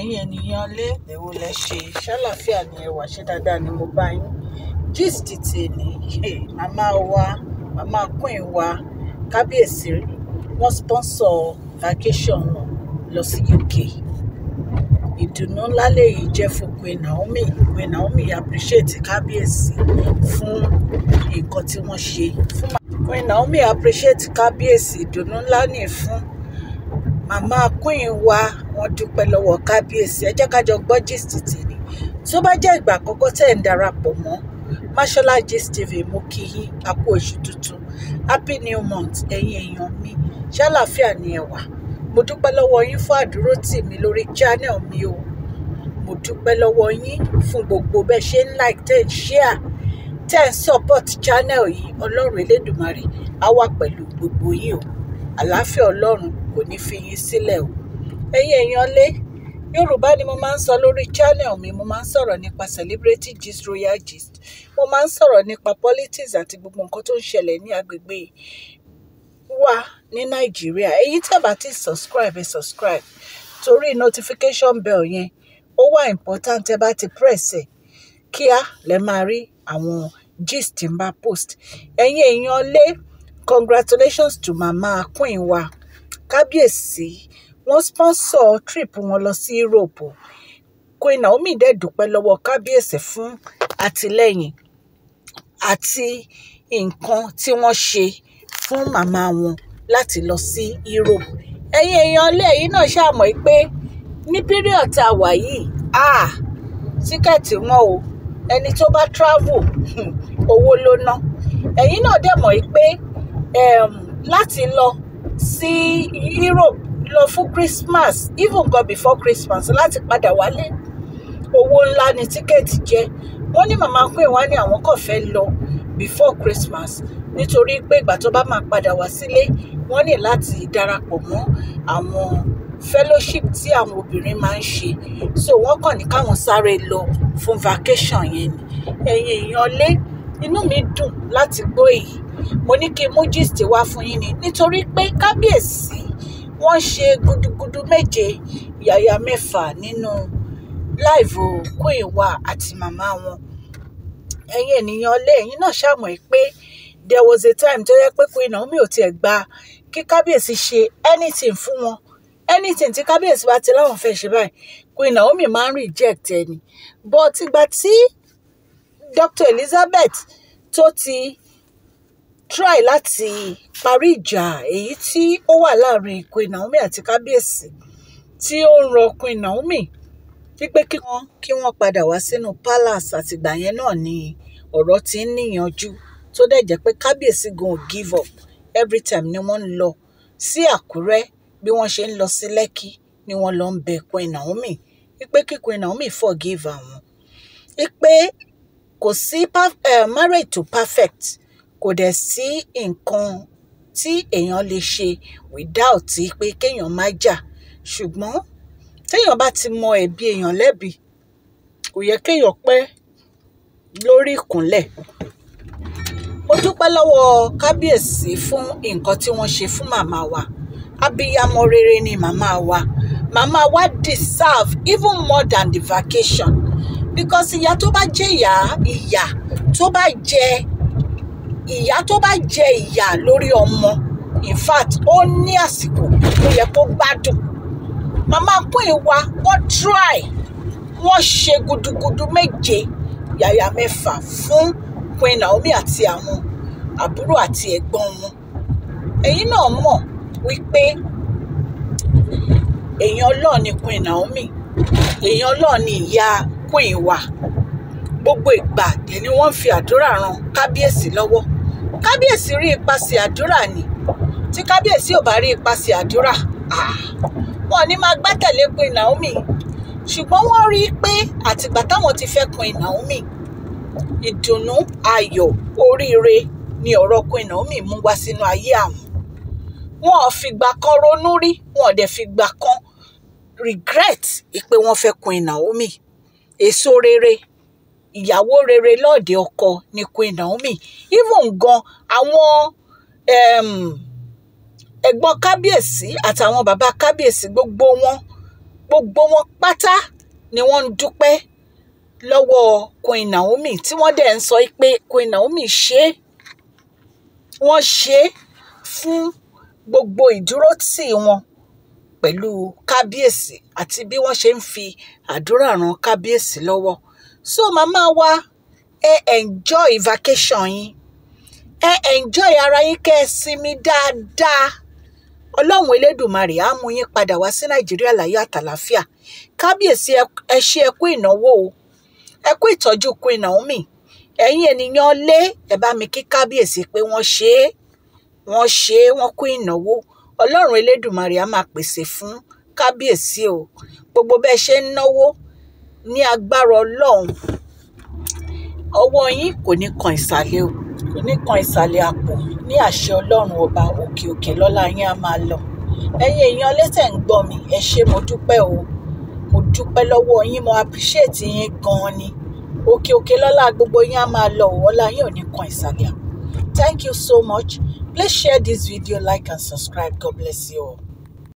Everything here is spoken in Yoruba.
ẹ̀yin ènìyàn lé èwo lẹ ṣe ṣàlàfíà ni ẹwà ṣe dáadáa ni mo bá yín gist tèmi màmá wa màmá queen wa kábíyèsí wọ́n sponsor vacation wọn lọ sí UK ìdùnnú ńlá lèyí jẹ́ fún Queen Naomi Queen Naomi appreciate kábíyèsí fún nǹkan tí wọ́n ṣe fún Queen Naomi appreciate kábíyèsí ìdùnnú ńlá fún màmá queen wa wọ́n dúpẹ́ lọ́wọ́ kábíyèsí ẹ jẹ́ ká jọ gbọ́ gist tèmi tó bá jẹ́ ìgbà àkọ́kọ́ tẹ̀ ń darapọ̀ mọ́ Mashola Gist TV mo kí yín a kú oṣù tuntun happy new month ẹ̀yin èèyàn mi ṣàlàáfíà ni ẹ wà mo dúpẹ́ lọ́wọ́ yín fún àdúró tì mí lórí channel mi o mo dúpẹ́ lọ́wọ́ yín fún gbogbo bẹ́ẹ̀ ṣe ń like ten share ten support channel yìí ọlọ́run elédùnmarè á wà pẹ̀lú gbogbo yín o àlàáfíà ọlọ́run kò ní fi yín sílẹ̀ o ẹ̀yin èèyàn lé yorùbá ni mo máa ń sọ lórí channel mi mo máa ń sọ̀rọ̀ nípa celebrity gist royal gist mo máa ń sọ̀rọ̀ nípa politics àti gbogbo nǹkan tó ń ṣẹlẹ̀ ní agbègbè wa ní nàìjíríà èyí tí a bá ti subscribe ẹ subscribe torí notification bell yẹn ó wà important ẹ bá ti press ẹ kíá lẹ máa rí àwọn gist ń bá post ẹ̀yin èèyàn lé congratulations to mama queen wa kábíyèsí wọ́n spọ́nsọ̀ trip wọn lọ sí europe queen naomi dẹ̀ dúpẹ́ lọ́wọ́ kábíyèsí fún àtìlẹ́yìn àti nǹkan tí wọ́n ṣe fún màmá wọn láti lọ sí europe ẹ̀yin èèyàn lẹ́yìn náà ṣàmọ̀ pé ní period tá a wà yìí tíkẹ́ẹ̀tì wọn o ẹni tó bá travel owó ló ná ẹ̀yin náà dẹ̀ mọ̀ pé láti lọ sí Europe lọ fún Christmas even gan before Christmas láti padà wálé owó ńlá ni tíkẹ́ẹ̀tì jẹ́ wọ́n ní màmá pé wá ní àwọn kò fẹ́ lọ before Christmas nítorí pé ìgbà tó bá máa padà wá sílé wọ́n ní láti darapọ̀ mọ́ àwọn fellowship tí àwọn obìnrin máa ń ṣe so wọ́n kàn ní káwọn sáré lọ fún vacation yẹn ni ẹ̀yin èèyàn lé inú mi dùn láti gbọ́ èyí mo ní kí n mú gist wá fún yín ni nítorí pé kábíyèsí wọ́n ṣe gudugudu méje yàyà mẹ́fà nínú láìvò queen wa àti màmá wọn ẹ̀yin ènìyàn ọlẹ́ ẹ̀yin náà ṣàmọ̀ pé there was a time tó yẹ pé queen Naomi ò tiẹ̀ gba kí kábíyèsí ṣe anything fún wọn anything tí kábíyèsí bá ti láwọn fẹ́ ṣe báyìí queen Naomi máa ń reject ẹni but ìgbà tí Dr Elizabeth tó ti try láti parí ìjà èyí tí ó wà láàrin Queen Naomi àti kábíyèsí tí ó ń rọ Queen Naomi wípé kí wọ́n kí wọ́n padà wá sínú palace àtìgbà yẹn náà ni ọ̀rọ̀ ti ń níyanjú tó dẹ̀ jẹ́ pé kábíyèsí gan give up every time ni wọ́n ń lọ sí Àkúrẹ́ bí wọ́n ṣe ń lọ sí Lẹ́kì ni wọ́n lọ ń bẹ Queen Naomi wípé kí Queen Naomi forgive àwọn wípé kò sí eh, marriage to perfect kò dẹ̀ sí nǹkan tí èèyàn lè ṣe without pé kéèyàn má jà ṣùgbọ́n téèyàn bá ti mọ ẹ̀bi èèyàn lẹ́bi kò yẹ kéèyàn pẹ́ lórí ìkúnlẹ̀ ó dúpẹ́ lọ́wọ́ kábíyèsí fún nǹkan tí wọ́n ṣe fún màmá wa abiyamọ rere ni màmá wa màmá wa deserve even more than the vacation because ìyá tó bá jẹ ìyá ìyá tó bá jẹ ìyá tó bá jẹ ìyà lórí ọmọ in fact ó ní àsìkò tó yẹ kó gbádùn màmá Queen wa wọ́n try wọ́n ṣe gudugudu méje yàyà mẹ́fà fún Queen Naomi àti àwọn àbúrò àti ẹ̀gbọ́n wọn ẹ̀yin náà mọ̀ wípé èèyàn Ọlọ́run ni Queen Naomi èèyàn Ọlọ́run ni ìyá Queen wa gbogbo ìgbà dẹ̀ ni wọ́n fi àdúrà ran kábíyèsí lọ́wọ́ kábíyèsí rí ipasẹ̀ àdúrà ni tí kábíyèsí ò bá rí ipasẹ̀ àdúrà wọn ní máa gbẹ́kẹ̀lé Queen Naomi ṣùgbọ́n wọ́n rí i pé àtìgbà táwọn ti fẹ́ Queen Naomi ìdùnnú ayọ̀ oríire ni ọ̀rọ̀ Queen Naomi mú wá sínú ayé àwọn wọn ò fìgbà kan ronú rí wọn ò dẹ̀ fìgbà kan regret pé wọ́n fẹ́ Queen Naomi èso rere ìyàwó rere lọ́ọ̀dẹ ọkọ ni Queen Naomi even gan àwọn ẹ̀gbọ́n kábíyèsí àtàwọn bàbá kábíyèsí gbogbo wọn gbogbo wọn pátá ni wọ́n ń dúpẹ́ lọ́wọ́ Queen Naomi tí wọ́n dẹ̀ ń sọ pé Queen Naomi ṣe é wọ́n ṣe é fún gbogbo ìdúrótì wọn pẹ̀lú kábíyèsí àti bí wọ́n ṣe ń fi àdúrà ran kábíyèsí lọ́wọ́ so màmá wa ẹ enjoy vacation yín ẹ enjoy ara yín kẹ́ ẹ sinmi dáadáa ọlọ́run elédùnmarè á mú yín padà wá sí nàìjíríà láyọ̀ àtàlàáfíà kábíyèsí ẹ ṣe ẹkú ìnáwó o ẹkú ìtọ́jú Queen Naomi ẹ̀yin ènìyàn lé ẹ bá mi kí kábíyèsí pé wọ́n ṣe é wọ́n ṣe é wọ́n kú ìnáwó ọlọ́run elédùnmarè á máa pèsè fún kábíyèsí o gbogbo bẹ́ẹ̀ ṣe ń náwó ní agbára ọlọ́run ọwọ́ yín kò ní kan ìsàlẹ̀ o kò ní kan ìsàlẹ̀ àpò ní àṣẹ ọlọ́run ọba òkè òkè lọ́lá yín á máa lọ ẹ̀yin èèyàn lẹ́tẹ̀ ń gbọ́ mi ẹ ṣé mo dúpẹ́ o mo dúpẹ́ lọ́wọ́ yín mo appreciate yín gan-an ni òkè òkè lọ́lá gbogbo yín á máa lọ ọ̀la yín ò ní kan ìsàlẹ̀ thank you so much please share this video like and subscribe god bless you all.